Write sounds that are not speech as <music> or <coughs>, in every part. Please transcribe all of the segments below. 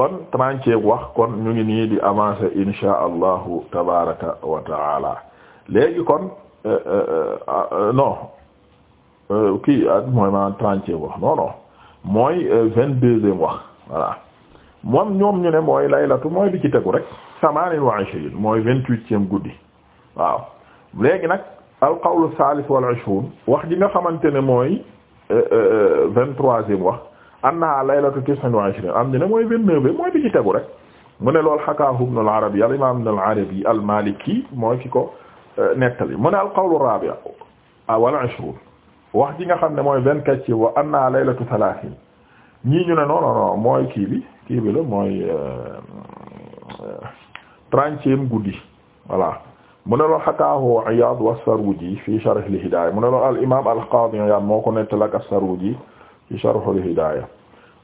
kon trantieg wax kon ñu ngi nii di avancer insha allahu tabaraka wa taala léegi kon euh, euh, euh, non kii ak ah, mooy maanaam trantieg wax non non mooy vingt-deuxième wax voilà moom ñoom ñu ne mooy laylatu mooy di ci tegu rek samanin wa ishrine mooy vingt-huitième guddi waaw léegi nag al qawlu thalith wal ishrun wax ji nga xamante ne mooy vingt-troisième wax annaha laylatu tis'in wa ishrin am ñu ne mooy vingt-neuf bi mooy bi ci tegu rek mu ne lool hakaahu ibn al-Arabi al imam ibn al-Arabi mooy ki ko euh, li mu ne al-qawlu ar-rabi' wal ishrun wax ji nga xam ne mooy vingt-quatre ci wa annaha laylatu thalathin ñii ñu ne non non mooy kii bi kii bi la mooy euh, euh, trentième guddi voilà mu ne loolu hakaahu Iyaad wa as-Sarwuji fi sharh al-Hidaaya mu ne loolu al imam al-Qaadi Iyaad moo ko nettali ak as-Sarwuji ci Sharhul Hidaaya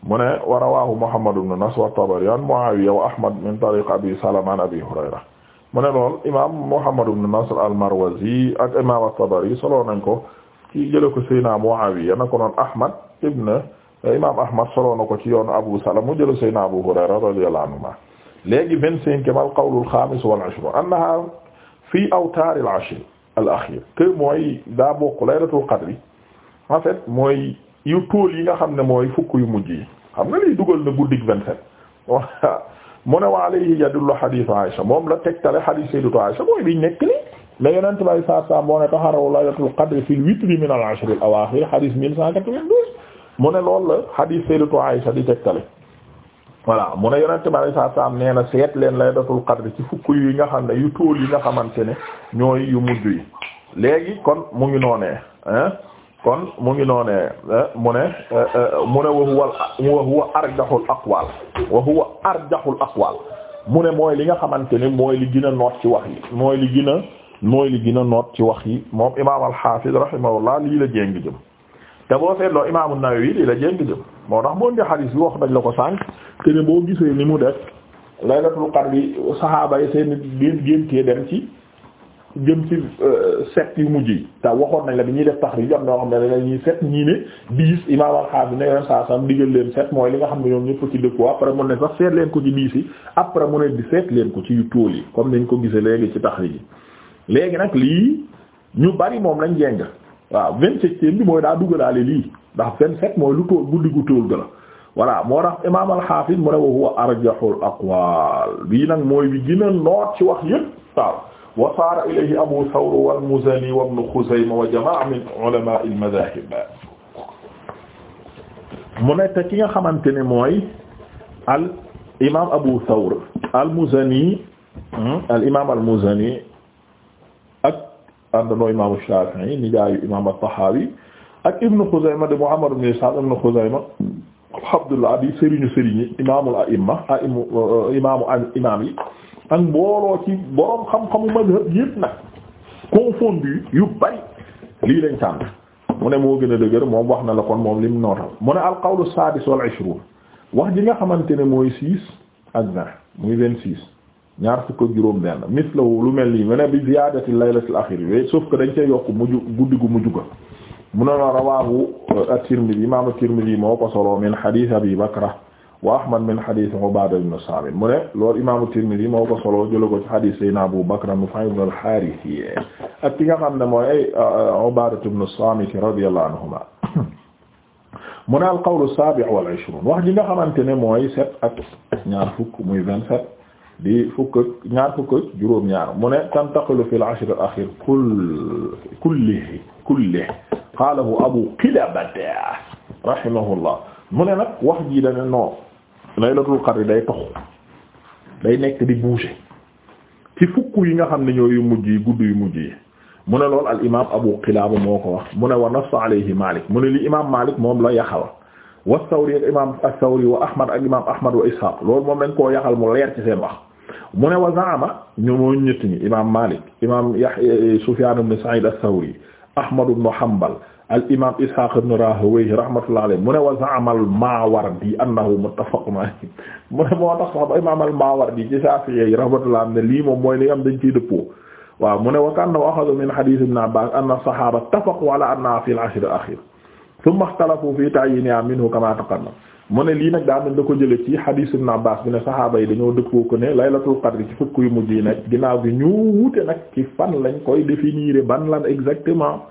mu ne wa rawaahu Muhammad ibn Nasr wa Tabari an Muawiya wa Ahmad min tariq Abi Salama an Abi Hurayra mu ne lool imaam Muhammad ibn Nasr al-Marwazi ak imaam at-Tabari solo nañ ko ci jële ko Seydina Muawiya na ko noon Ahmad ibn imaam Ahmad solo na ko ci yoonu Abu Salama mu jële Seydina Abu Hurayra radiyallahu anhuma léegi vingt-cinquième al-qawlu al-xaamis wal ishruun annahaa fii awtaar al-ashr al-axiir que mooy daa bokk laylatul qadr en fait mooy yu tool yi nga xam ne mooy fukk yu mujj yi xam nga lii dugal na guddig vingt-sept mu ne yi ya yadullu hadith Aisha moom la tegtale hadith sayyidatu Aisha mooy biñ nekk ni mais yonent bay saat sa moo ne taxaraw laylatul qadr fil witri min al ashr al awaakhir hadith mille cent quatre-vingt-douze mu ne loolu la hadith sayyidatu Aisha di tegtale voilà mu ne yonent bay saat sa nee na seet leen laylatul qadr ci fukk yi nga xam ne yu tool yi nga xamante ne ñooy yu mujj léegi kon mu ngi noonee hein kon mu ngi noonee eh, mu ne eh, eh, mu ne wa huwa wa huwa arjahul aqwal wa huwa arjahul aqwal mu ne mooy li nga xamante ni mooy li gën a noot ci wax yi mooy a mooy li gën a ci wax yi moom imaam al-Hafiz rahimahullah lii la jéng jëm te boo seetloo imaam an-Nawawi lii la jéng jëm moo tax moo ndi xadiis bi wax dañ la ko sànq te ne boo gisee ni mu def laylatul qadr bi saxaaba yi seen géntee dem ci jëm ci euh, set yu mujj yi te waxoon nañ la bi ñuy def taxriij am na xam ne dañuy set ñii ne dix imaam al-Xaafi ne yoon saa sam digal leen set mooy li nga xam ne ñoom ñëpp ci dëkku après mu ne sax seet leen ko ci dix yi après mu ne di leen ko ci yu tool yi comme nañ ko gisee léegi ci taxriij yi léegi nag lii ñu bari moom lañ jeng waaw vingt-septième bi mooy daa dugalaale lii ndax vingt-sept mooy lu tool guddi gu tool ga la voilà moo tax imaam al-Xaafi mu ne wa huwa arjahul aqwaal bii nag mooy bi gën a noot ci wax yépp waaw wa saara ilayhi abu thawr wal muzani wa ibn xuzayma wa jamaa min ulama al madahib mu nekk ki nga xamante ne mooy al imaam abu thawr al muzani hmm, al imaam al muzani ak àndandoo imaamu Shaafi'i nijaayu imaam at-Tahawi ak ibn xuzayma de Muhammad ibn Ishaaq ibn xuzayma alhamdulillah di sëriñu sëriñi imaamul a'imma a'immu imaamu imaam yi. ak mbooloo ci borom xam-xamu mazhab yépp nag confondu yu bari lii lañ tànn mu ne moo gën a dëgër moom wax na la kon moom li lim nootal mu ne al qawlu sadis wal ishrun wax ji nga xamante ne mooy six ak vingt muy vingt six ñaar fukk ak juróom benn mislahu lu mel nii mu ne bi ziyadati laylatil akhir yooyu sauf dañ cee yokk mujj guddi gu mujj ga mu ne la rawahu at-Tirmidhi imam at-Tirmidhi moo ko solo min hadith Abi Bakra wa ahmad min hadith Ubaada ibn Saamit mu ne loolu imaamu Tirmidi moo ko solo jëla ko ci hadith Seydina Abu Bakr Nufay ibn al-Haaris ak ki nga xam ne mooy ay Ubaada ibn Saamit radiyallahu anhuma <coughs> mu ne al-qawlu as-saabi' wal 'ishruun wax ji nga xamante ne mooy sept ak ñaar fukk muy vingt-sept di fukk ak ñaar fukk ak juróom-ñaar mu ne tantaqilu fil ashr al-axiir kull kullihi kullihi qaalahu Abu Qilaabata rahimahullah mu ne nag wax ji da ne non laylatul qadr day tox day nekk di bouger ci fukk yi nga xam ne ñooyu mujj yi gudd yu mujj yi mu ne lool al imaam Abu Qilaaba moo ko wax mu ne wa nass alayhi Maalik mu ne li imaam Maalik moom la yaxal wa Sawri ak imaam as-Sawri wa Ahmad imaam Ahmad wa Ishaaq moom dañ ko yaxal mu leer ci seen wax mu ne wa zaama ñu mooy ñett ñi imaam Maalik imaam Yahya Sufyaan ibn Sa'iid as Ahmad ibn Hanbal al imaam Ishaq ibn Rahawayh rahmatullahi alayhi mu ne wa za'ama al Maawardi annahu muttafaqun alayhi mu ne moo tax sax imaam al Maawardi ci Shafi'i yi rahmatullahi ne lii moom mooy li nga xam dañ ciy dëppoo waaw mu ne wa kaana axadu min hadiis ibn Abbaas anna sahaaba ittafaqu ala annahaa fil ashr al axiir thumma ixtalafu fii ta'yiinihaa minhu kamaa taqaddam mu ne lii nag daal mel da ko jële ci hadiis ibn Abbaas bi ne sahaaba yi dañoo dëppoo ko ne laylatul qadr ci fukk yu mujj yi nag ginnaaw gi ñu wute nag ci fan lañ koy définir ban lan exactement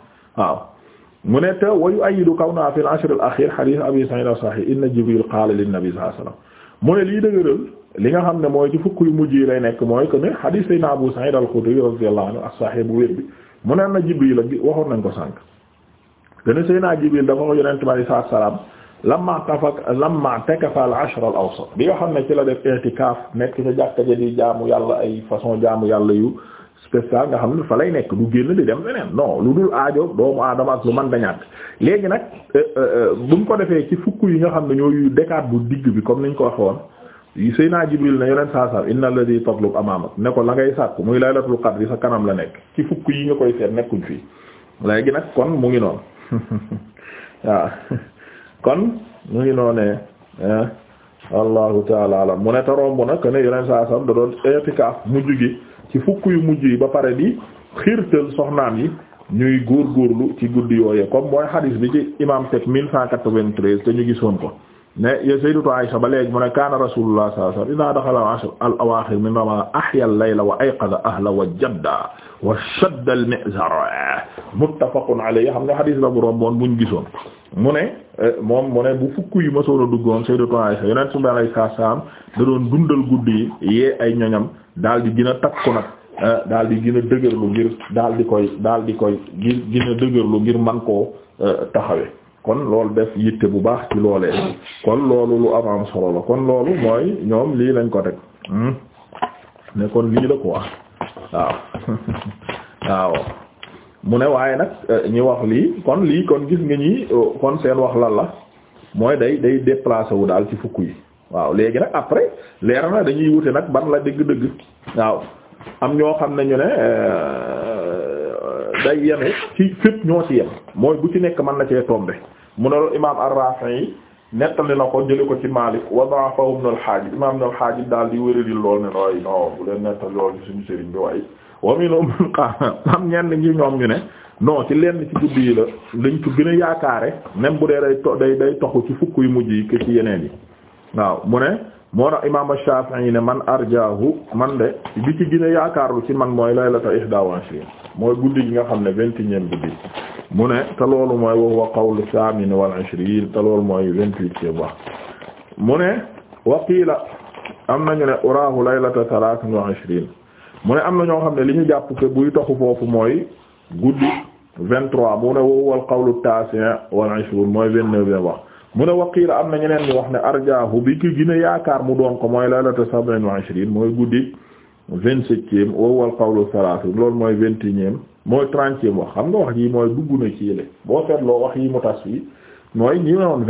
mu ne te wayu ayidu kaw naa fi l ashr al akhir hadith abi sa'id as-sahih inna jibril qaala lin nabi sallallahu alayhi wasallam mu ne lii dëgëral li nga xam ne mooy ci fukk yu mujj yi lay nekk mooy que ne hadith sayna abu sa'id al-khudri radiyallahu anhu as-sahih bu wér bi mu ne na jibril ak waxoon nañ ko sànq gëna sayna jibril dafa ko yonent bi sallallahu alayhi wasallam lamma tafak lamma takafa al ashr al awsat bi nga xam ne ci la def i'tikaf nekk ca jàkka ja ay façon jaamu yàlla yu spécial nga xam ne fa lay nekk du génn di dem feneen non lu dul aajo doomu aadama ak lu man da ñàkk léegi nag euh, euh, euh, bu ñu ko defee ci fukk yi nga xam ne ñooy décate bu digg bi comme niñ ko waxee woon Seydina Jibril ne yoneen saa saam inna alladhi tatlub amaamak ne ko la ngay sàkku muy laylatul qadr sa kanam la nekk ci fukk yi nga koy seet nekkuñ fii léegi nag kon mu ngi noonu <laughs> waaw kon mu ngi noonee allahu taala alam mu ne te romb na que ne yoneen saa saam ci fukk yu mujj yi ba pare bi xiirtal soxnaam yi ñuy góorgóorlu ci guddi yooyee comme mooy xadiis bi ci imam teg 1193 te ñu gisoon ko ne ya sayyidatu Aisha ba léegi mu ne kaana rasulullah sallallahu alayhi wa sallam idaa al awaaxir min ramadaan ahya al layla wa ayqaza ahla wa jadda wa shadd al mizar muttafaqun alayhi xam nga xadiis la bu romboon buñ gisoon mu ne eh, moom mu ne bu fukk yu masoon a duggoon Sayyidatu Aisha yonent bi alayhi salaam da doon dundal gudd yi yee ay ñoñam daal di gina a takku nag eh, daal di gën a dëgërlu ngir daal di koy daal di koy ngir gën a dëgërlu ngir man koo eh, taxawe kon loolu def yitte bu baax ci loolee kon loolu lu am solo la kon loolu mooy ñoom lii lañ ko teg hmm? ne kon lii la ko wax waaw waaw mu ne waaye nag euh, ñi wax lii kon lii kon gis nga ñi euh, kon seen wax lan la mooy day day déplacé wu daal ci fukk yi waaw léegi nag après leer na dañuy wute nag ban la dëgg-dëgg waaw am ñoo xam ne ñu ne euh, day yeme ci fépp ñoo ci yem mooy bu ci nekk man na cee tombe mu ne loolu imaam ar-Rafi'i nettali na ko jële ko ci Malik wa da'afahu Ibn al-Hajib imam Ibn al-Hajib daal di wéradil lool ne nooy non bu leen nettali lool ni suñu sëriñ bi waaye wa minhum man qaala am ñenn ñoom ñu ne non ci leen ci guddi yi la lañ ko gën a yaakaare même bu dee day to day day toxu ci fukk yu mujj yi que ci yeneen yi waaw mu ne moo tax imaam Shaafi'i ne man arjaahu man de bi ci gine yaakaarlu ci man mooy laylata ihda wa ishriin mooy guddi gi nga xam ne vingt et unième guddi mu ne te loolu mooy wa huwa qawlu saamin wal ishriin te loolu mooy vingt-huitième wax mu ne wa qiila am nañu ne uraahu laylata thalaath wa ishriin ne am na ñoo xam ne li ñu jàpp ke buy taxu foofu mooy guddi vingt-trois mu ne wa huwa al qawlu taasi' wal ishriin mooy vingt-neuvième wax mu ne waqiila am na ñeneen ñu wax ne arjaahu bi ki gën a yaakaar mu doon ko mooy laylatu sab'in wa ishriin mooy guddi vingt-septième wa huwa al-qawlu thalaathu loolu mooy vingt et unième mooy trentième wax xam nga wax yi mooy dugg na ci yële boo seetloo wax yi mu tas yi mooy ñi ne woon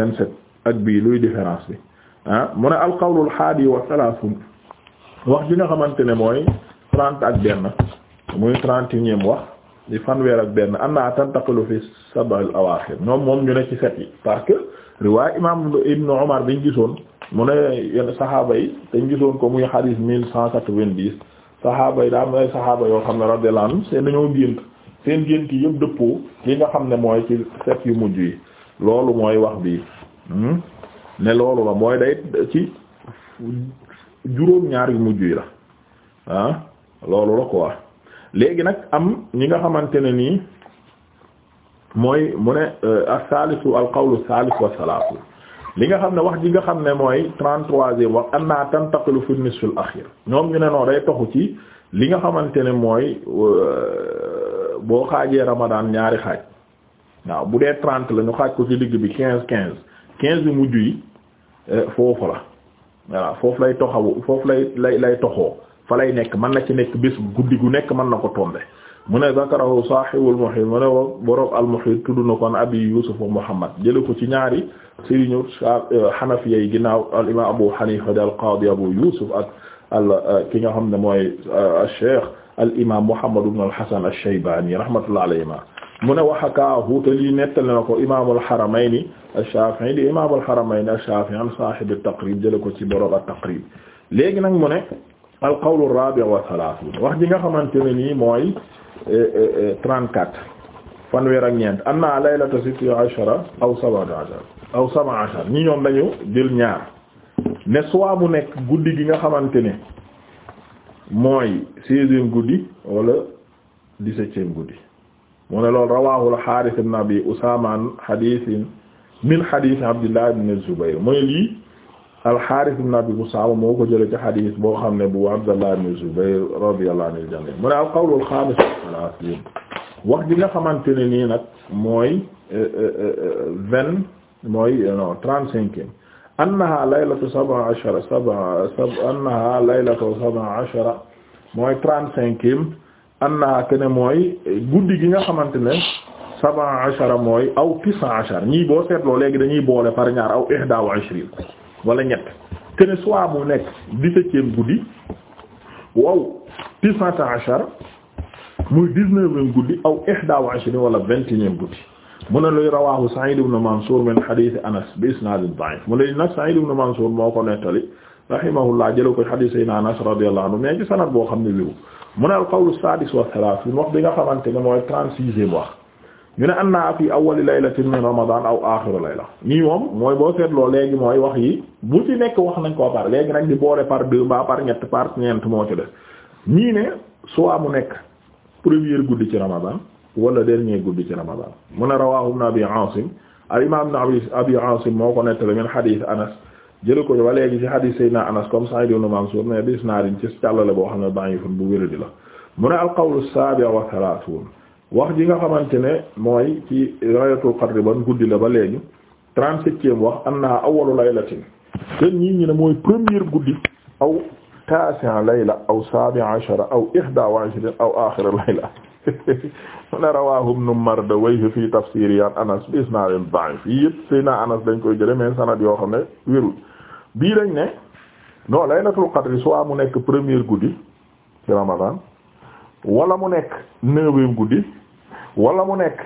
ak bii luy différence bi ah mu ne al-qawlu al-haadi wa thalaathu nga xamante ne mooy trente ak benn muy trente et unième di fanweer ak benn anna tantaqilu fi sab'il awaaxir ñoom moom ñu ne ci set yi parce que riwaay imam ibnu Umar biñ gisoon mu ne yenn saxaaba yi dañ gisoon ko muy xadiis mille cent quatre-vingt-dix saxaaba yi daa am ay saxaaba yoo xam ne radiyallahu anhum seen dañoo gént seen gént yi yëpp dëppoo li nga xam ne mooy ci set yu mujj yi loolu mooy wax bi hmm? ne loolu la mooy day ci juróom ñaar yu mujj yi la ah loolu la quoi léegi nag am ñi nga xamante ne nii mooy mu ne euh, as-salisu al-qawlu as-salis li nga xam ne wax ji nga xam ne mooy trente-troisième wax anna tantaqilu fi nisf al-akhir ñoom ñu ne noo day toxu ci li nga xamante ne mooy euh, boo xaajee Ramadan ñaari xaaj waaw bu dee trente la ñu xaaj ko ci digg bi quinze quinze quinze bi mujj yi euh, foofu la voilà foofu lay toxawu foofu lay lay lay toxoo fa lay nekk mën na ci nekk bés guddi gu nekk mën na ko tombe mu ne zakarahu sahibul muhit mu ne wo borom al muhit tudd na kon abi yusuf wa muhammad jële ko ci ñaari sëriñu xanafiya eh, yi ginnaaw al imam abu hanifa di al qadi abu yusuf ak al eh, ki nga xam ne mooy cheikh al imam muhammad ibn al hasan ash-shaybani rahmatullah alayhima mu ne wa hakaahu te lii nettali na ko imam al haramayn ash-shafi'i di imam al haramayn ash-shafi'i an sahib at-taqrib jële ko ci borom at-taqrib léegi nag mu ne al qawl ar-rabi' wa thalathun wax ji nga xamante ne nii mooy 34 eh, eh, eh, fanweer ak ñeent anna laylata sitti ashara aw sab'ata ashara aw sab'a ashara ñi ñoom dañu jël ñaar ne soit mu nekk guddi gi nga xamante ni mooy seizième guddi wala dix-septième guddi moo ne loolu rawahu al-Harith ibn Abi Usama an hadithin min Zubayr mooy lii al-Harith ibn Abi Mus'ab moo ko jële ci hadith boo xam ne bu Abdallah ibn Zubayr radiyallahu anil jami' mu ne al-qawl al wax ji nga xamante ne nii nag mooy euh, euh, euh, vingt mooy non trente-cinquième annaha laylatu sab'a ashara sab'a annaha laylatu sab'a ashara mooy trente kene mooy guddi gi nga xamante ne sab'a ashara mooy aw tis'a ashara ñii boo seetloo léegi dañuy boole par ñaar aw ihda wa ishrina wala ñett kene soit mu nekk dix-septième guddi waaw tisata achar muy dix-neuvième guddi aw ihda wa ashrin wala vingt et unième guddi mu a luy rawahu Sa'id ibn Mansur min hadith Anas bi isnad da'if mu ne nag Sa'id ibn Mansur moo ko nettali rahimahullah jële ko hadith sayna Anas radiyallahu anhu mais ci sanad boo xam ne liwu mu ne al qawl as-sadis wa thalathun wax bi nga xamante ne mooy trente-sixième wax ñu ne anna fi awwali laylatin min ramadan aw axiru layla ñii moom mooy boo seetloo léegi mooy wax yi bu ci nekk wax nañ koo par léegi nag di boole par deux ba par ñett par ñeent moo ci def nii ne soit mu nekk première guddi ci ramadan wala dernier guddi ci ramadan mu ne rawahu ibn abi asim al imam ibn abi asim moo ko nettali min hadith anas jël ko ba léegi ci hadith sayyidina anas comme sa'id ibn mansur mais bis naariñ ci càllale boo xam ne da'ifun bu wéradi la mu ne al qawlu as-sabi' wa thalathun wax ji nga xamante ne mooy ci laylatul qadr ban guddi la ba léegi trente-septième wax anna awwalu laylatin te ñii ñi ne mooy première guddi aw tasi'a layla aw sabi'a ashara aw ihda wa ashrin aw akhir layla <laughs> na rawahu ibn Mardawayh fi tafsiri an Anas bi isnadin da'if yi yëpp sëy Anas dañ koy jële mais sanad yoo xam ne wérul bii dañ ne non laylatul qadr soit mu nekk première guddi ci Ramadan wala mu nekk neuvième guddi wala mu nekk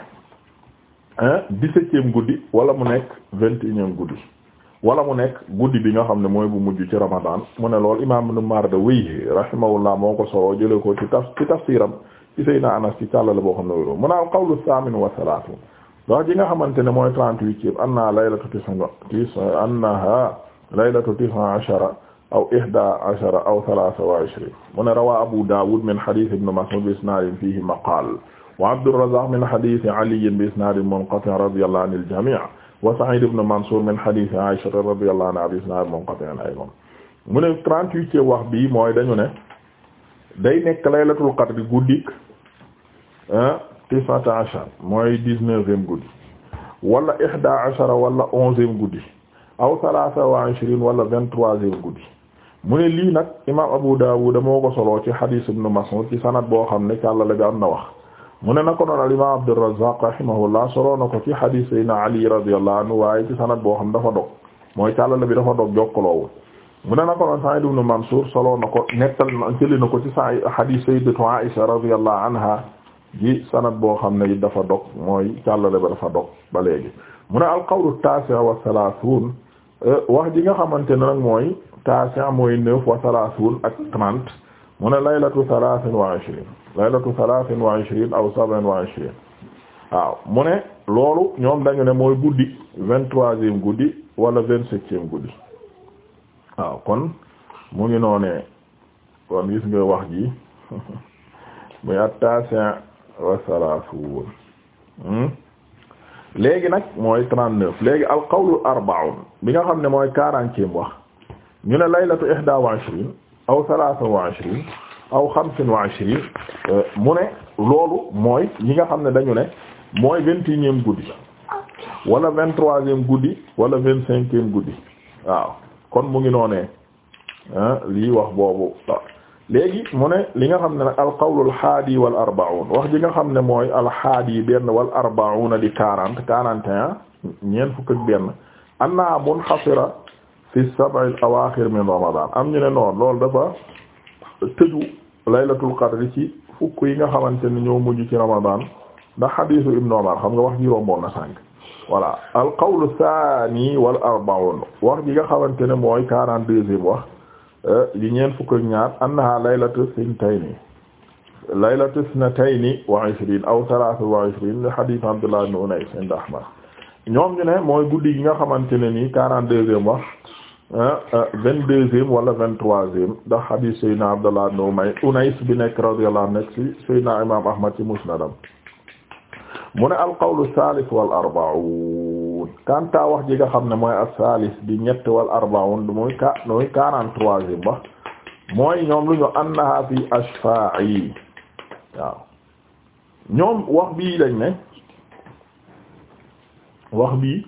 ah dix-septième guddi wala mu nekk vingt et guddi wala mu nekk guddi bi nga xam ne mooy bu mujj ci ramadan mu ne lool imaam Ibn Mardawayh rahimahullah moo ko solo jëlee ko ci taf ci tafsiram ci Seydina Anas ci càllale boo xam ne wéro mu naa qawlu thamin wa salaatu wax ji nga xamante ne mooy trente-huitième anna laylatu tis'a annaha laylatu tis'a ashara aw ihda ashara aw thalatha wa ishrin mu ne rawa Abu Dawud min hadith ibn Mas'ud bi isnadin fihi maqal wa Abdurrazzaq min hadith Ali bi isnadin munqati' radiyallahu anil jami' wa Sa'id ibn Mansur min hadith Aisha radiyallahu anha bi isnadin munqati' aydan mu ne 38 wax bi mooy dañu ne day nekk laylatul qadr guddik ah, tisata ashar mooy dix-neuvième guddi wala ihda ashara wala onzième guddi aw thalatha wa ishrin wala vingt-troisième guddi mu lii nag imaam Abu Dawud moo ko soloo ci hadis ibn Mas'ud ci sanad boo xam ne càllale bi am na wax mu ne na ko noon al imaam Abdurrazzaq rahimahullah soloo na ko ci hadis Seydina Ali radiyallahu anhu waaye ci sanad boo xam dafa dog mooy càllale bi dafa dog jokkaloowul mu ne na ko noon Sa'id ibn Mansur soloo na ko nettal na jëli na ko ci sa hadis Sayyidatu Aisha radiyallahu anha ji sanad boo xam ne it dafa dog mooy càllale ba dafa dog ba léegi mu ne al qawlu at Euh, wax ji nga xamante ne nag mooy taasiya mooy neuf wa salaasuun ak trente mu ne laylatu salaasin wa ishriin laylatu salaasin wa ishriin aw sab'in wa ishriin waaw mu ne loolu ñoom dañu ne mooy guddi vingt-troisième guddi wala vingt-septième guddi waaw kon mu ngi noonee kon gis nga wax ji <laughs> muy at taasiya wa salaasuun hmm? léegi nag mooy trente-neuf léegi al qawlu arba'un bi nga xam ne mooy quarantième wax ñu ne laylatu ihda wa ashrin aw thalatha wa ashrin aw xamsin wa ashrin euh, mu ne loolu mooy ñi nga xam ne dañu ne mooy vingt et unième guddi wala vingt troisième guddi wala vingt cinquième guddi waaw kon mu ngi noonee lii wax boobu léegi mu ne li nga xam ne nag al qawlu al haadi wal arbaun wax ji nga xam ne mooy al haadi benn wal arbauna di quarante quarante ñeent fukk ak benn anna munhasira fi sab'il awaaxir min Ramadan am ñu ne noonu loolu dafa tëju laylatul qadri ci fukk yi nga xamante ne ñoo mujj ci Ramadan ndax xadiisu Ibn Umar xam nga wax ji romboon na sànq voilà al qawlu thani wal arba'un wax ji nga xamante ne mooy quarante deuxième wax euh, yi ñeent fukk ak ñaar annaha laylatu sintayni laylatu snatayni wa ishrin aw thalatha wa ishrin li hadith Abdullah ibn Unais inda Ahmad ñoom ñu ne mooy guddi gi nga xamante ne nii quarante deuxième wax ah, ah, vingt deuxième wala vingt troisième ndax hadith Seydina Abdallah ibn Umay Unays bi nekk radiyallahu anhu nekk ci Seydina Imam Ahmad ci musnadam mu ne al qawlu thalith wal arba'un kanta wax ji nga xam ne mooy al thalith di ñett wal arba'un du mooy ka mooy quarante troisième wax mooy ñoom lu ñu annaha fi ashfa'i waaw ñoom wax bii lañ ne wax bi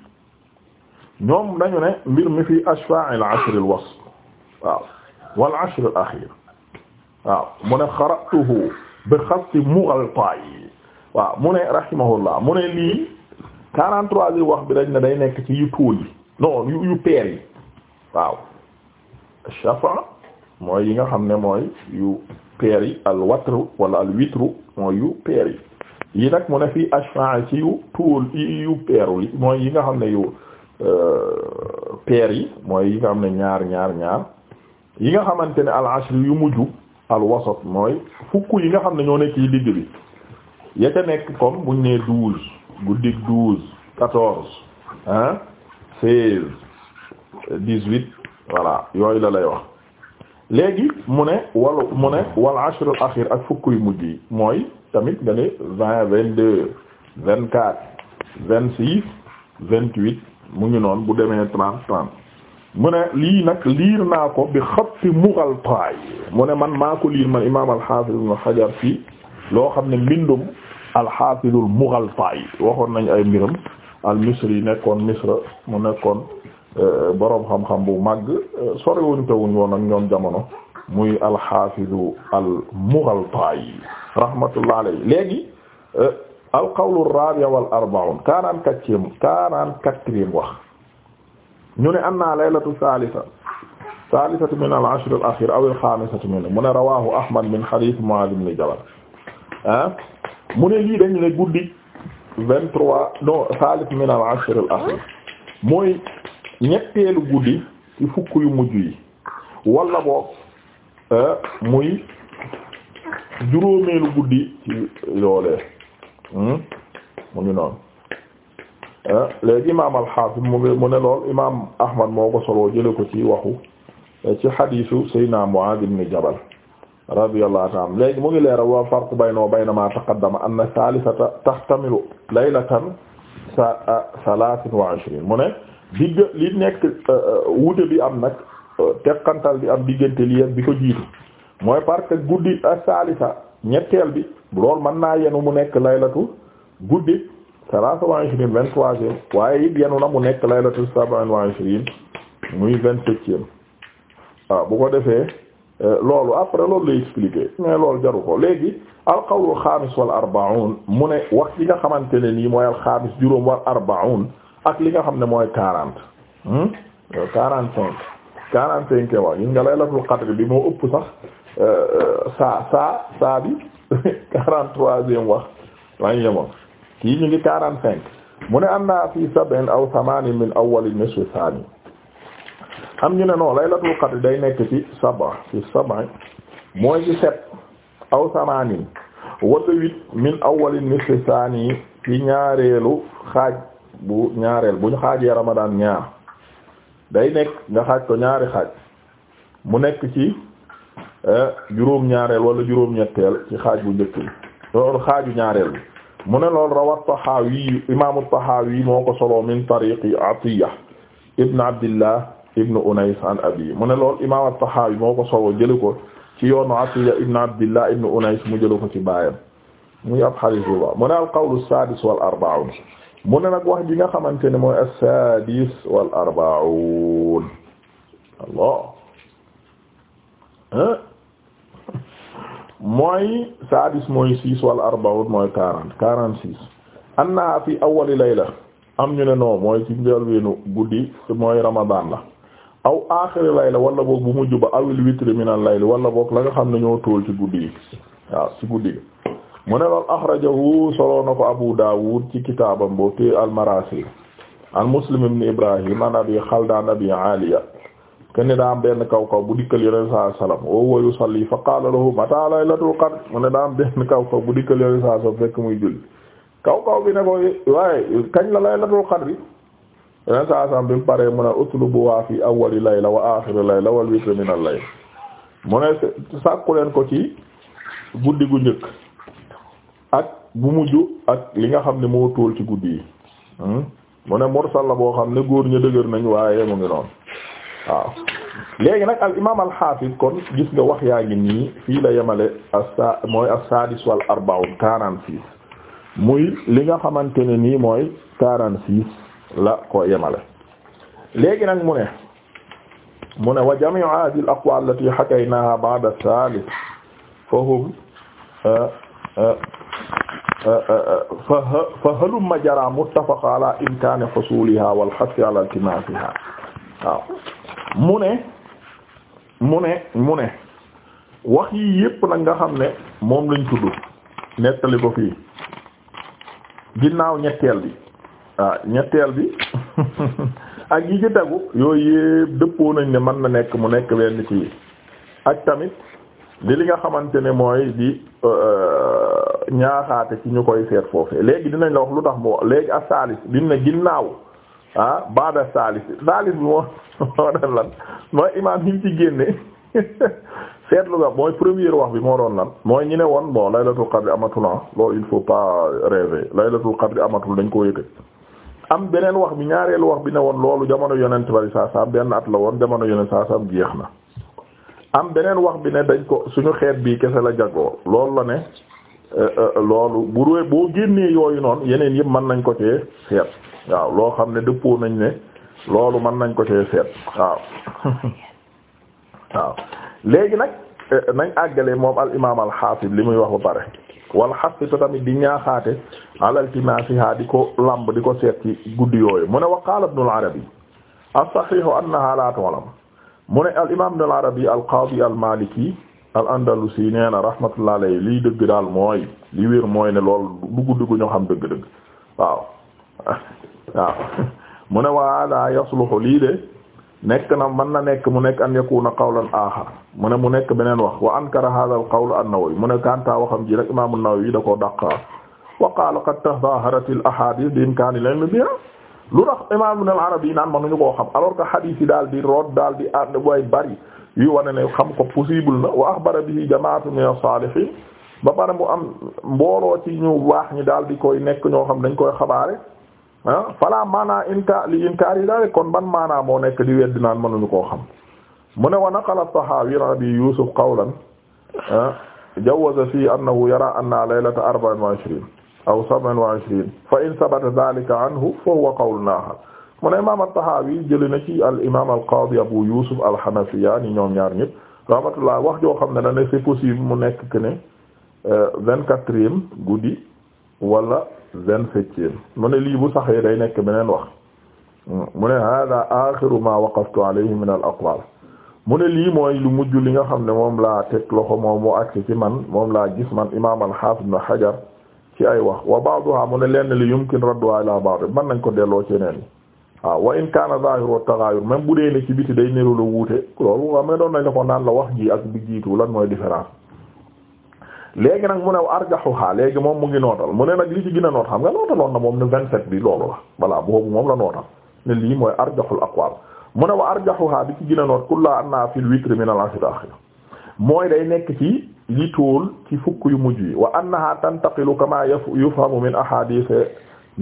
ñoom dañu ne mbir mi fi ashfa' al ashr al wasl wal ashr al akhir mu ne xaratuhu bi xasti mughalta yi waaw mu ne rahimahullah mu ne lii quarante-trois wax bi dañ ne day nekk ci yu tóol yi non yu yu peer shafa mooy yi nga xam ne mooy yu peer yi al watru wala al witru mooy yu peer yi yi nag mu ne fii ashfaa ci yu tuul yu peerul yi mooy yi nga xam ne yu euh, peer yi mooy yi nga xam ne ñaar ñaar ñaar yi nga xamante ne al ashr yu mujj al wasat mooy fukk yi nga xam ne ñoo nekk ci digg ya ca nekk comme buñ nee douze guddig douze quatorze hein seize dix-huit voilà yooyu la lay wax léegi mu ne wal mu ne wal ashr ak fukk yu mujj yi mooy tamit nga ne vingt vingt deux vingt quatre vingt six vingt huit mu ngi noon bu demee trente trente mu ne lii nag liir naa ko bi xappi mughal taay mu ne man maa ko liir man imaam al-Hafiz Ibn Hajar fii loo xam ne mbindum al-Hafizul mughal taay waxoon nañu ay mbiram al-Misri nekkoon Misra mu nekkoon euh, boroom xam-xam bu màgg euh, soriwuñ tawuñ woon ak ñoom jamono muy alxaafidu al-Mughaldaayi rahmatullah alayhi léegi euh, alqawlu rabi'a wal arba'un quarante quatrième quarante quatrième wax ñu ne anna laylatu thalitha thalithatu min al-ashr al-akhir aw al-khamisatu mu ne rawahu Ahmad min hadith Mu'adh ibn Jabal ah mu ne lii dañu guddi thalith min al-ashr al-akhir mooy ñetteelu guddi ci yu mujj yi wala boog Euh, muy juróomeelu guddi ci loolee hmm? mu ngi noonu euh, léegi imaam al-Hafiz mu ngi mu ne lool imaam Ahmad moo ko soloo jële ko ci waxu euh, ci xadiisu Seydina Mu'aaz ibn Jabal radiyallahu ta'ala léegi mu ngi leeral wa farq baynoo bayna ma taqaddama anna saalisata tahtamilu laylatan sa salaasin ah, mu ne digg li nekk wuute bi am nag teqantal bi am diggante li ak bi ko jiitu mooy parce que guddi asalisa ñetteel bi lool man naa yenu mu nekk laylatu guddi salaasa wa ishriin vingt-troisième waaye it yenu na mu nekk laylatu sab'a wa ishriin muy vingt-septième waaw bu ko defee euh, loolu après loolu lay expliquer mais loolu jaru ko léegi alqawlu xaamis wal arbaun mu ne wax li nga xamante ne nii mooy alxaamis juróom wal arbaun ak li nga xam ne mooy quarante hmm? quarante cinq quarante-cinq waaw ñun nga laylatul qadr bi moo ëpp sax euh, euh, saa saa bi <laughs> quarante-troisième wax lañ kii ñu ngi quarante-cinq mu ne am na fi sab'in aw thamanin min awwal nisf thani am ñu ne non laylatul qadr day nekk ci saba ci saba mooy ci sept aw thamanin wala huit min awwal nisf thani ci ñaareelu xaaj bu ñaareel bu ñu xaajee ramadaan ñaar day nekk nga xaaj ko ñaari xaaj mu nekk ci eh, juróom-ñaareel wala juróom-ñetteel ci xaaj bu njëkk bi loolu ñaareel mu ne lool rawat Tahawi imaamu Tahawi moo ko soloo min tariqi Atiya ibn Abdillah ibn mu ne loolu imaamu moo ko soloo jëli ko ci yoonu Atiya ibn Abdillah mu jëlu ko ci baayam muy ab xadiis mu ne al qawlu sadis wal mu ne nag wax ji nga xamante ne mooy as-sadis wal arba'un Allah mooy sadis mooy six wal arba'un mooy quarante quarante six annaha fi awwali layla am ñu ne non mooy ci njëlbéenu guddi mooy ramadan la aw aaxiri layla wala boog bu mujj ba awil witri min al layl wala boog la nga xam ne ñoo tóol ci guddi yi waaw ci guddi gi mu ne lool axrajahu soloo na ko Abu Dawud ci kitaabam boobu te al-Marasi an Muslim ibn Ibrahim an Abi Xaldaan Aliya kenn daa benn kaw kaw bu dikkal Yonent sallallahu alayhi wasallam wa huwa yusalli fa qaala lahu mataa laylatul qadr mu ne daa benn kaw kaw bu dikkal Yonent sallallahu alayhi wasallam fekk muy julli kaw kaw bi ne ko waaye kañ la laylatul qadri Yonent sallallahu alayhi wasallam bi mu paree mu ne utlubuhaa fi awwali layla wa aaxiri layla wal witri minal layl mu ne sàkku leen ko ci guddi bu mujj ak li nga xam ne moo tool ci guddi yi hmm? mu ne mursal la boo xam ne góor ñu dëgër nañ waaye mu ngi noonu waaw léegi nag al imaam xaafis kon gis nga wax yaa ngi nii fii la yemale asa mooy as-sadis arba'un quarante six muy li nga xamante ne nii mooy quarante six la ko yemale léegi nag mu ne mu ne wa jami'u hadhihi al aqwal allati hakaynaha ba'da as-salis fa hum uh, uh, fa fa halumma jara muttafaq ala imkani husuliha wal hassi ala iltimasiha waaw mu ne mu ne mu ne wax yi yépp nag nga xam ne moom lañ tudd nettali ko fii ginnaaw ñetteel bi ñetteel bi <laughs> ak yi ci tegu yooyu yépp dëppoo nañ ne mën na nekk mu nekk benn ci ak tamit di li nga xamante ne mooy di euh, euh, ñaaxaate ci ñu koy seet foofee léegi dinañ la wax lu tax mu léegi ak saalis dina ne ginnaaw ah baada saalis saalis bi moo <laughs> moo doon lan mooy imaam yi ci génne <laughs> seetlu nga mooy première wax bi moo doon lan mooy ñu ne woon bon laylatul qadr amatul ah loolu il faut pas rêver laylatul qadr amatul dañ koo yëkkati. am beneen wax bi ñaareelu wax bi ne woon loolu jamono yonent bari saa saa benn at la woon jamono yonent saa saa jeex na. am beneen wax bi ne dañ ko suñu xeet bii kese la jagoo loolu la ne euh, euh, loolu bu dee boo génnee yooyu noonu yeneen yëpp man nañ ko cee seet waaw loo xam ne dëppoo nañ ne loolu mën nañ ko cee seet waaw léegi nag euh, nañ àggale moom al imaam al xaafid li muy wax ba pare wal xas te tamit di ñaaxaate alal timaasiha di ko lamb di ko seet ci guddi yooyu mu ne wa qaala ibnul arabi as-saxiixu annahaa laa tu'lam mu ne al imaam al arabi al qaadi al maliki al andalusi nee na rahmatullah alayhi li dëgg daal mooy li wér mooy ne lool duggu duggu ñoo xam dëgg-dëgg waaw <laughs> waaw mu ne waa daa lii de nekk na mën na nekk mu nekk an yakuna qawlan aaxar mu ne mu nekk beneen wax wa ankara hadha al qawl an-nawawi mu ne kanta waxam ji rek imaam an-nawawi da ko dàqa wa qaala qad tadaharat al ahadith bi imkaani al ilm biha lu tax imam Ibn yi naan mënuñu koo xam alors que hadith yi daal root daal di ànd booy bari yu wane ne xam ko possible na wa axbara bihi jamaatu min saalihiin ba pare mu am mbooloo ci ñu waax ñi daal di koy nekk ñoo xam dañ koy xabaare ah fala maana li inkaar yi kon ban maanaa moo nekk di weddi naan mënuñu koo xam mu ne wa naqala a saxaawi Abi Yuusuf qawlan ah, jawaza fii annahu yara anna laylata arba'in wa ishriin aw sab'an wa ishriin fa in sabata dhalika anhu fa huwa qawlun akhar mu ne imaam at-Tahawi jëlee na ci al imaam al qaadi Abu Yusuf al Hanafiyaani ñoom ñaar ñëpp rahmatullah wax joo xam ne dañ si c'est possible mu nekk que ne euh, vingt-quatrième guddi wala vingt-septième mu ne lii bu saxee day nekk beneen wax mu ne hada axiru ma waqaftu alayhi min al aqwal mu ne lii mooy lu mujj li nga xam ne moom laa teg loxo moom moo agsi ci man moom laa gis man imaam al-Haafiz Ibn Hajar ci ay wax wa ba'daha mu ne lenn li yumkin radduha ila ba'd mën nañ ko delloo ci yeneen waaw wa in kaana zahiru taghaayur même bu dee ne ci biti day niru la wuute loolu xam doon nañ la naan la wax ji ak bi lan mooy différence léegi nag mu ne arjahuha léegi moom mu ngi nootal mu ne nag li ci gën a noot xam nga nootaloon na moom ne vingt-sept bi loolu la voilà boobu moom la nootal ne lii mooy arjahul aqwaal mu ne wa arjahuha bi ci gën a noot kulla anna fil witr min al-ashr al-akhir mooy day nekk ci li tool ci fukk yu mujj yi wa annaha tantaqilu kama yufhamu min ahadith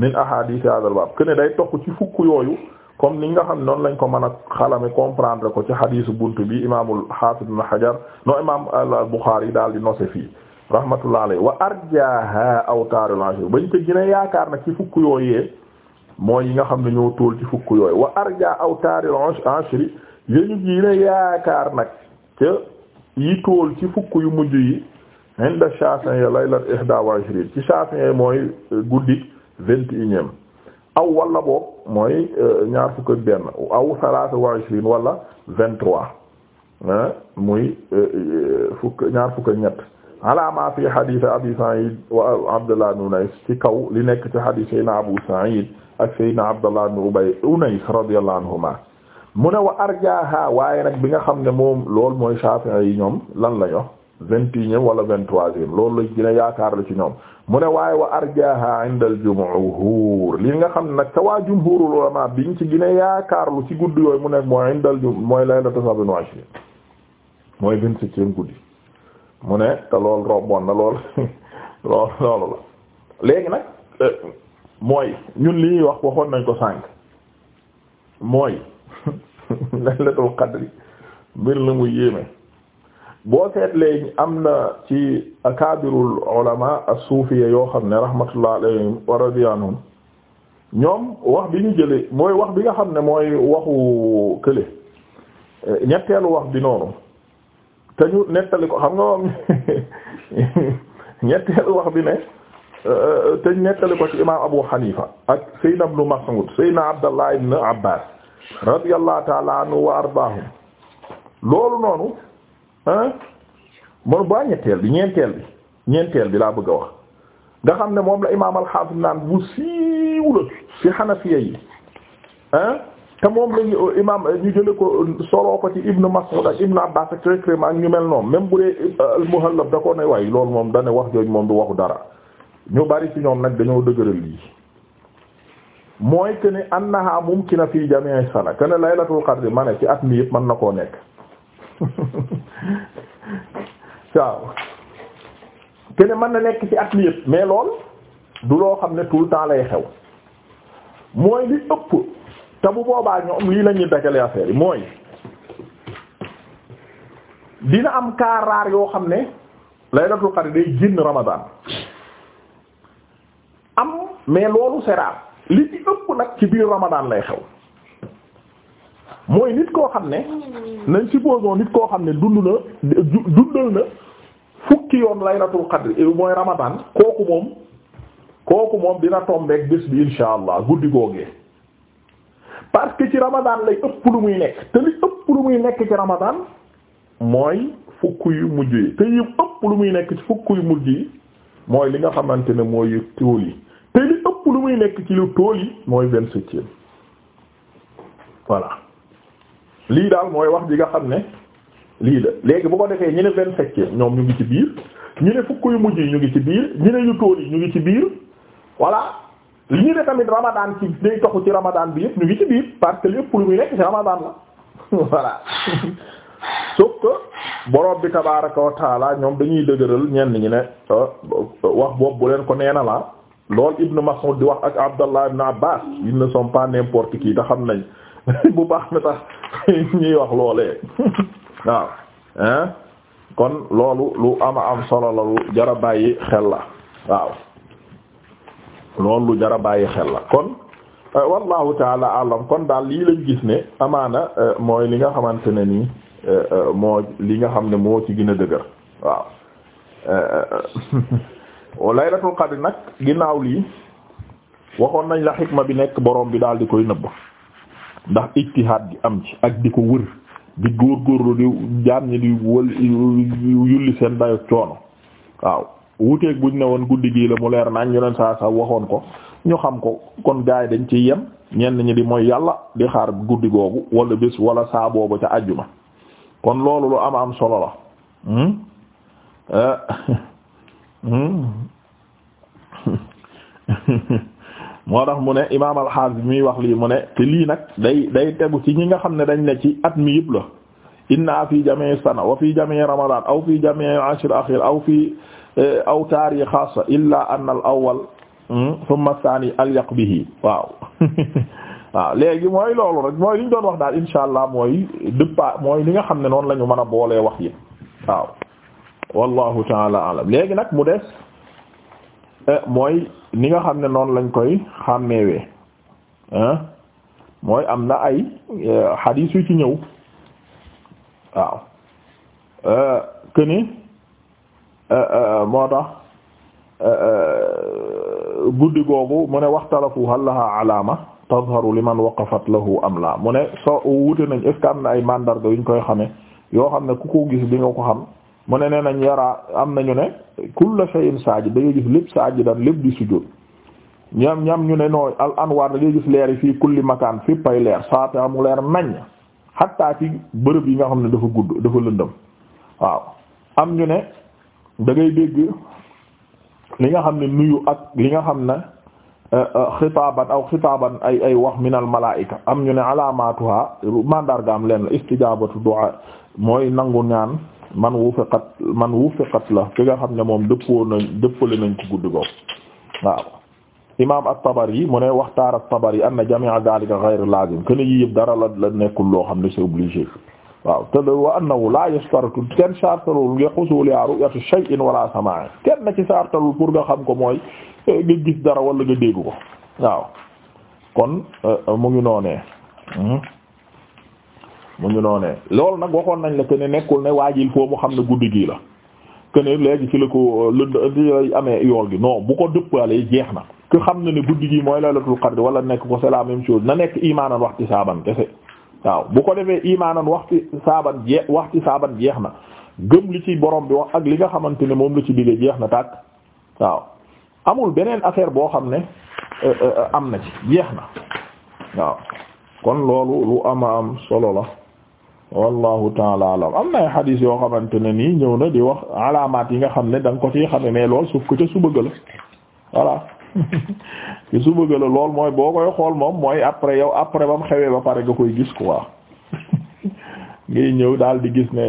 min ahadith hadha al-bab kene day toq ci fukk yooyu comme ni nga xam noonu lañ ko mën a xalame comprendre ko ci hadisu bunt bi imaamul hafiz ibn hajar no imam al-bukhari yi daal di nose fii rahmatullah alayhi wa arjaha awtarul ashur bañ ko gëna yaakaar nag ci fukk yooyee mooy yi nga xam ne ñoo tool ci fukk yooyu wa arja awtarul ashri yéñu gëna yaakaar nag yi tool ci fukk yu mujj yi inda Shafi'i ya laylat ihda wa ci mooy euh, guddi vingt et aw wala boog mooy euh, ñaar fukk ak aw salaasa wala vingt trois muy euh, fukk ñaar fukk ak ñett ala fi hadith abi Sa'id wa Abdullah ibn Unais ci kaw li nekk ci hadith Seydina Abu Sa'id ak Seydina Abdullah ibn Ubay Unais radiyallahu anhuma mu ne wa arjaaha waaye nag bi nga xam ne moom loolu mooy Shafi'i yi ñoom lan la ñu vingt et unième wala vingt troisième loolu la gën a yaakaar la ci ñoom mu ne waaye wa arjaaha inda al jumhur li nga xam ne nag ca waa jumhurul ulama biñ ci gën a yaakaar lu ci gudd yooyu mu nekk mooy inda al jumhur mooy laylatu sab'in wa ishrin mooy vingt-septième guddi mu ne te lool romboon na lool <laughs> lool loolu la léegi nag euh, mooy ñun li ñuy wax waxoon nañ ko sànq mooy laylatul qadri mbir la mu yéeme boo seetlee am na ci akaabirul ulama as-suufiyya yoo xam ne rahmatullah alayhim wa radiya ñoom wax bi ñu jëlee mooy wax bi nga xam ne mooy waxu kële ñetteelu wax bi noonu te ñu nettali ko xam nga moom <laughs> ñetteelu wax bi ne te ñu nettali ko ci imaam Abu Hanifa ak Sayyidina Ibn Mas'ud Sayyidina Abdallah ibn Abbas radiyallahu taala anhu wa ardaahum loolu noonu ah man bu ñetteel bi ñeenteel bi ñeenteel bi laa bëgg a wax nga xam ne moom la imaam al-Hafiz naan bu siiw la ci Hanafiya yi ah te moom lañu imaam ñu jële ko soloo ko ci Ibn Mas'ud ak Ibn Abbas ak Ikrima ak ñu mel noonu même bu dee euh, al-Muhallab da ko ne way loolu moom da wax jooju moom bu waxu dara ñu bari ci ñoom nag dañoo dëgëral lii. mooy que ne annaha mumkina fi jami' sana que ne laylatul qadr ma ne ci at mi yëpp mën na koo nekk <laughs> waaw que ne mën na nekk ci at mi yëpp mais lool du loo xam ne tout le temps lay xew mooy li ëpp te boobaa ñoom lii la ñuy dajale affaire yi mooy dina am cas rare yoo xam ne laylatul qadr day génn Ramadan am mais loolu c'est li ci ëpp nag ci biir Ramadan lay xew mooy nit koo xam ne nañ supposons nit koo xam ne dund na dundal na fukki yoon laylatul qadr eh, mooy Ramadan kooku moom kooku moom dina tombeek bés bi insha allah guddi googee parce que ci Ramadan lay ëpp lu muy nekk te li ëpp lu muy nekk ci Ramadan mooy fukk yu mujj yi te yi ëpp lu muy nekk fukk yu mujj yi mooy li nga xamante ne mooy yu tool yi. muy nekk tool yi mooy vingt lii daal mooy wax ji xam ne lii la léegi bu ko defee ñu ne vingt-septième ngi ci biir ñu ne yu mujj yi ñu ngi ci biir ñu ne yu tool yi ñu ngi ci biir voilà li ñu ne tamit ramadan ci day toxu ci ramadan bi yëpp ñu ngi ci biir parce lépp lu muy nekk ci ramadan la <laughs> voilà sauf que bi tabaraka wa taala ñoom dañuy dëgëral ñenn ñi ne euh, wax boobu bu leen ko neena la lool Ibn Mas'ud di wax ak Abdallah ibn Abbas ils ne sont pas n'importe qui te xam nañ <laughs> bu baax na tax ñuy wax loolee <laughs> waaw ah kon loolu lu ama am solo la lu jara bàyyi xel la waaw loolu lu jara bàyyi xel la kon euh, wallahu taala alam kon daal lii lañ gis ne amaana euh, mooy li nga xamante ne nii euh, moo li nga xam ne moo ci gën a dëgër waaw <laughs> laylatul qadr nag ginnaaw lii waxoon nañ la xikma bi nekk boroom bi daal di koy nëbb ndax ijtihaad gi am ci ak di ko wër di góorgóorlu di jaam ñi di yulli seen dayo coono waaw wuteeg ñu ne woon guddi gii la mu leer naa ñu leen saa saa waxoon ko ñu xam ko kon gaay dañ ci yem ñenn ñi di mooy yàlla di xaar guddi googu wala bés wala saa boobu ca àjjuma kon loolu lu am am solo la hmm? <laughs> eh, Hmm. <laughs> moo tax mu ne imaam alxaafis mi wax lii mu ne te lii nag day day tegu ci ñi nga xam ne dañ ne ci at mi yëpp la inna fi jamii sana wa fi jamii ramadan aw fi jamii ashir akhir aw fi eh, aw taari xaasa illa anna al awwal hmm, thumma thani alyaq bihi waaw <laughs> waaw léegi mooy loolu rek mooy li ñu doon wax daal insha allah mooy dëppaa mooy li nga xam ne noonu lañu ñu mën a boolee wax yi waaw wallahu taala alam léegi nag mu des eh, mooy ni nga xam ne noonu lañ koy xàmmeewee mooy am na ay eh, xadiis yu ci ñëw waaw eh, que ni moo tax guddi googu mu ne waxtalafu hal laha alaama tadharu liman waqafat lahu am la mu ne soo wute nañ est-ce am na ay mandarga yuñ koy xame yoo xam ne ku ko gis di nga ko xam mu ne nee nañ yara am nañu ne kulla shay'in sajid da ngay gis lépp sajidan lépp di sujjóot ñam ñam ñu ne nooy al anwaar da gis leer yi fii kulli makaan fépp ay leer saata mu leer nañ xattaa ci bërëb yi nga xam ne dafa gudd dafa lëndëm waaw am ñu ne da dégg li nga xam ne nuyu ak li nga xam ne euh, euh, xitaaban aw xitaaban ay wax minal malaayika am ñu ne alaamatuha mandargaam leen la istijaabatu du'a mooy nangu ñaan man wufiqat man wufiqat la ki nga xam ne moom dëppoo nañ dëppale nañ ko guddi googu waaw imam at-Tabari mu ne waxtaar at-Tabari anna jami'a dhalika ghayr lazim kene yi yëpp dara la la nekkul loo xam ne c'est obligé waaw te de wa annahu la yashtaratu kenn sartalul nga xusuli ru'yatu shay'in wala sama'i kenn na ci sartalul pour nga xam ko mooy eh, nga gis dara wala nga dégg ko waaw kon eh, mu ngi noonee hmm? mu ngi noonee loolu nag waxoon nañ la que ne nekkul ne waajil foo mu xam ne guddi gii la léegi ci ko lënd amee yool gi non bu ko dëppalee jeex na que xam na ne guddi gii mooy laylatul qadr wala nekk ko c'est la même chose na nekk imaanan waxti saaban kese waaw bu ko defee imaanan waxti saaban jeex waxti saaban jeex na gëm li ci borom bi wax ak li nga xamante ne moom la ci digge jeex na tàkk waaw amul beneen affaire boo xam ne euh, euh, am na ci jeex na waaw kon loolu lu ama am solo la wallahu taala alam am na xadiis yoo xamante nii ñëw na di wax alaamaat yi nga xam ne da ko ciy xame mais lool suuf ko ca su bëgg la voilà <laughs> ci su bëgg la lool mooy boo koy xool moom mooy après yow après ba mu xewee ba pare nga koy gis quoi <laughs> ngay ñëw daal di gis ne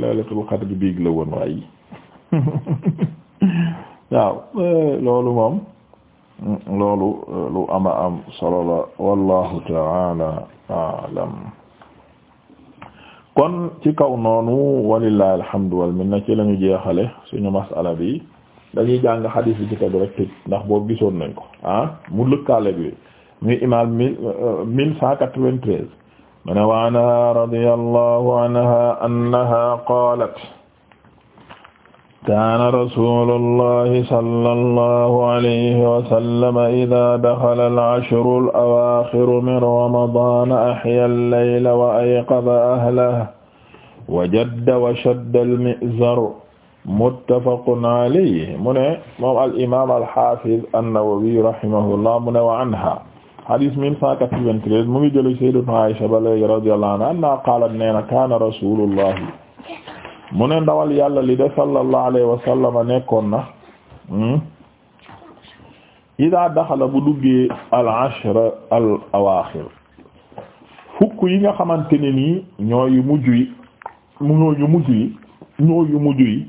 laylatul qadr biig la woon waaye <laughs> waaw eh, loolu moom mm, loolu eh, lu ama am solo la wallahu taala alam kon ci kaw noonu walillahi alhamdu wal minna ci lañu jeexale suñu masala bi dañuy jàng xadiis bi ci tegu rek tëj ndax boobu gisoon nañ ko ah mu lëkkaale bi muy imaam euh, mille cent quatre-vingt-treize mana wa anha radiyallahu anha annaha qalat kaana rasuulullahi sallallahu alayhi wa sallam idaa daxala al-ashru al-awaaxiru min ramadaana ahyaa al-layla wa ayqaza ahlahu wa jadda wa shadda al-mi'zar muttafaqun alayhi mu ne moom al-imaam al-haafiz an-Nawawi rahimahullah mu ne wa anhaa hadis 1193 mu ngi jël Sayyidatuna Aysa radiyallahu anhaa qaala nee na kaana rasuulullahi mu ne ndawal yàlla li de sallallahu alayhi wa sallam nekkoon na hmm? ida daxala bu duggee al ashra al awaaxir fukk yi nga xamante ne nii ñoo yu mujj yi ñoo yu mujj yi ñoo yu mujj yi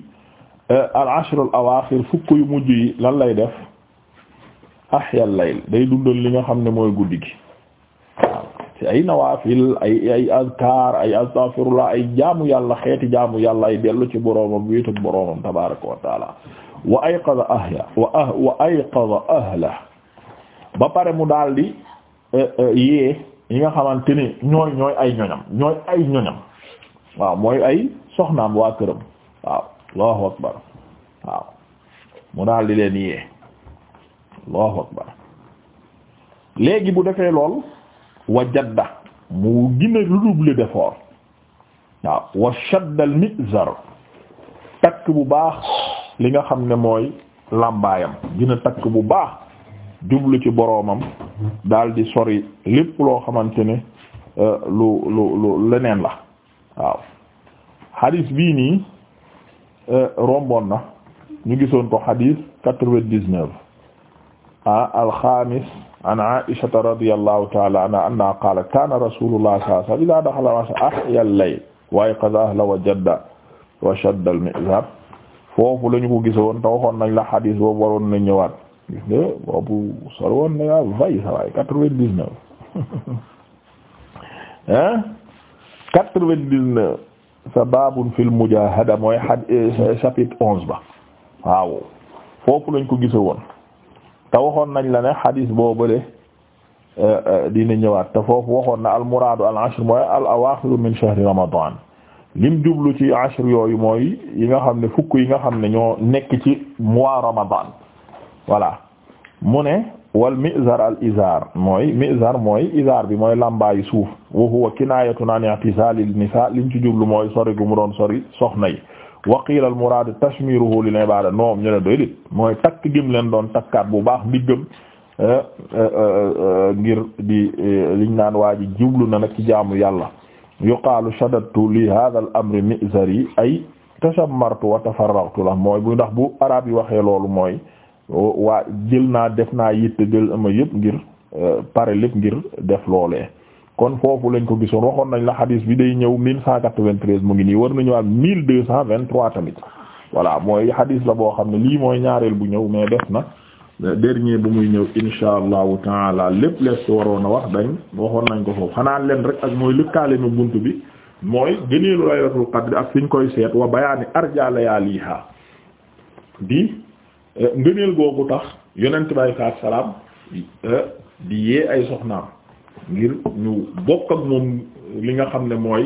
eh, al ashra al awaaxir fukk yu mujj yi lan lay def ahya al layl day dundal li nga xam ne mooy guddi gi ay nawaafil ay ay azkar ay astaghfirullah ay jaamu yàlla xeeti jaamu yàlla ay dellu ci boroomam wiitu boroomam tabaraka wa wa ayqada ahla wa ah wa ayqada ahla ba pare mu daldi eh, eh, yee yi nga xamante ni ñooy ñooy ay ñoñam ñooy ay ñoñam waaw mooy ay soxnaam waa këram waaw allahu akbar waaw mu daldi leen yee allahu akbar léegi bu defee lool wa jadda mu gën a redoubler waaw wa shaddal mizar takk bu baax li nga xam ne mooy làmbaayam gën takk bu baax jublu ci boroomam daal di sori lépp loo xamante ne euh, lu lu lu leneen la waaw xadiis bii nii euh, romboon na ñu gisoon ko xadiis quatre vingt dix ah, alxamis an Aisha radiyallahu ta'ala anha anna qaalat kaana rasulullah sallallahu alayhi wa sallam idha dakhala al-'ashra ahya al-layl wa ayqadha ahlahu wa jadda wa shadda al-mi'zar foofu la ñu ko gisoon te waxoon nañ la xadis boobu waroon nañ ñëwaat gis nga boobu soriwoon na yaa vaillé sa waay quatre-vingt-dix-neuf <laughs> hein quatre-vingt-dix-neuf sa baabun fil mujaahada mooy xad eh, chapitre onze ba waaw foofu lañ ko gisoon. te waxoon nañ la ne xadis boobule euh, euh, dina ñëwaat te foofu waxoon na al muraadu al ashr mooy al awaaxiru min shahri ramadan lim jublu ci ashr yooyu mooy yi nga xam ne fukk yi nga xam ne ñoo nekk ci mois ramadan voilà mu ne wal mizar al izar mooy mizar mooy izar bi mooy lambaayu suuf wa huwa kinaayatun an i'tizal an nisa lim ci jublu mooy sori gu mu doon sori soxna yi waqiila al muraadu tashmiruhu lil ibaada noom ñu ne doy mooy takk gim leen doon takkaat bu baax ndiggam eh, eh, eh, ngir di liñ naan waa ji jublu na nag ci jaamu yàlla yuqaalu shadadtu li hadha al amri mizari ay tashammartu wa la mooy bu ndax bu arab yi waxee loolu mooy waa jël naa def naa yitte jël ama yëpp ngir pare lépp ngir def loolee kon foofu lañ ko gisoon waxoon nañ la hadith bi day ñëw mille cent quatre-vingt-treize mu ngi nii war nañu am mille deux cent vingt-trois tamit voilà mooy hadith la boo xam ne lii mooy ñaareel bu ñëw mais des na dernier bu muy ñëw insha allahu taala lépp lees waroon a wax dañ waxoon nañ ko foofu xanaa leen rek ak mooy lëkkaale mi bunt bi mooy gëneelu laylatul qadr ak fiñ koy seet wa bayaani arja layaaliha di eh, ngëneel googu tax yonent bi sallallahu alayhi wasallam eh, di yee ngir ñu bokk ak moom li nga xam ne mooy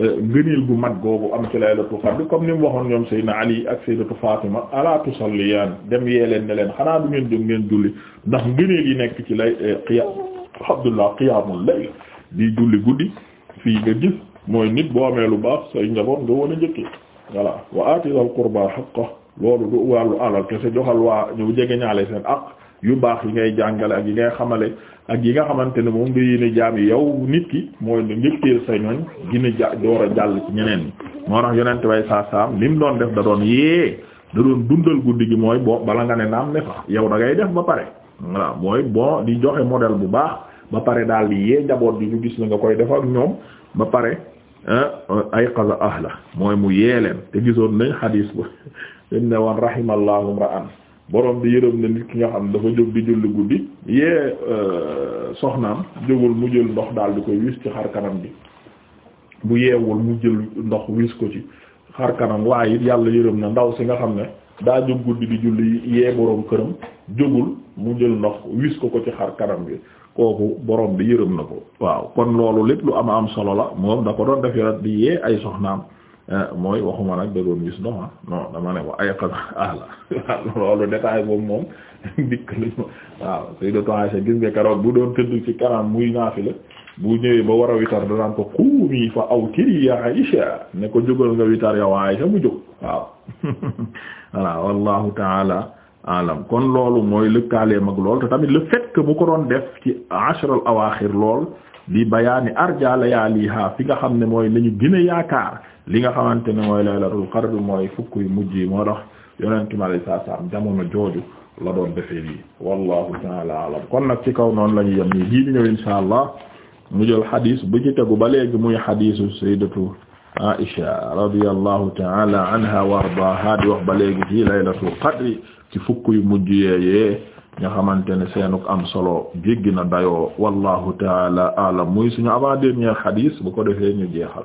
euh, ngëneel gu mag googu am ci la qadr comme ni mu waxoon ñoom Seydina Ali ak Sayyidatu Fatima ala tusalliyaan dem yee leen ne leen xanaa du ngeen jóg ngeen julli ndax ngëneel yi nekk ci lay euh, qiyaam Abdullah qiyaamul layl di julli guddi fii nga gis mooy nit boo amee lu baax say njaboot nga war a njëkkee voilà wa aatil al qurba haqqahu loolu du alal kese joxal waa ñu jege ñaale seen aq yu baax yi ngay jàngale ak yi ngay xamale ak yi nga xamante ne moom nga yéene jaam yi yow nit ki mooy nga njëkkeel sa ñoñ gina ja door a jàll ci ñeneen ñi moo tax yonent way saa saam li doon def da doon yee da doon dundal guddi gi mooy boo bala nga ne naam ne fa yow da ngay def ba pare voilà mooy bon di joxe modèle bu baax ba pare daal di yee njaboot bi ñu gis la nga koy def ak ñoom ba pare ay qaza ahla mooy mu yee te gisoon nañ xadiis bu dem <laughs> ne borom bi yërëm na nit ki nga xam ne dafa jóg di julli guddi yee euh, soxnaam jógul mu jël ndox daal di koy wis ci xar kanam bi bu yeewul mu jël ndox wis ko ci xar kanam waaye yàlla yërëm na ndaw si nga xam ne daa jóg guddi di julli yee borom këram mu jël ndox wis ko ko ci xar bi kooku borom bi yërëm na ko waaw kon loolu lépp lu am am solo la moom da ko doon def yorat di yee ay soxnaam Eh, mooy waxuma nag da doon gis ndox ah. non dama ne wa ayqad ahla <laughs> loolu détail boobu moom <laughs> dikk lañ waaw Sayyidatu Aisha gis nga keroog bu doon tëdd ci kanam muy naafila bu ñëwee ba war a witar danaan ko quumi fa awtiri ya Aisha ne ko jógal nga witar yow Aisha mu jóg waaw <laughs> voilà wallahu taala alam kon loolu mooy lëkkaleem ak lool te tamit le fait mu ko doon def ci ashral awaaxir lool di bayaani arja layaaliha fi nga xam ne mooy lañu gën a yaakaar li nga xamante ne mooy laylatul qadr mooy fukk yu mujj yi moo tax yonentu mi alayhi jamono jooju la doon defee lii wallahu taala alam kon nag ci kaw noonu la ñu yem nii bii di ñëw insha allah mu jël xadis bu ci tegu ba léegi muy xadisu sayyidatu Aisha radiyallahu taala anha wa ardaaha di wax ba léegi ci laylatul qadri ci fukk yu mujj yeeyee nga xamante ne seenuk am solo jéggi na dayoo wallahu taala alam muy suñu avant dernier xadis bu ko defee ñu jeexal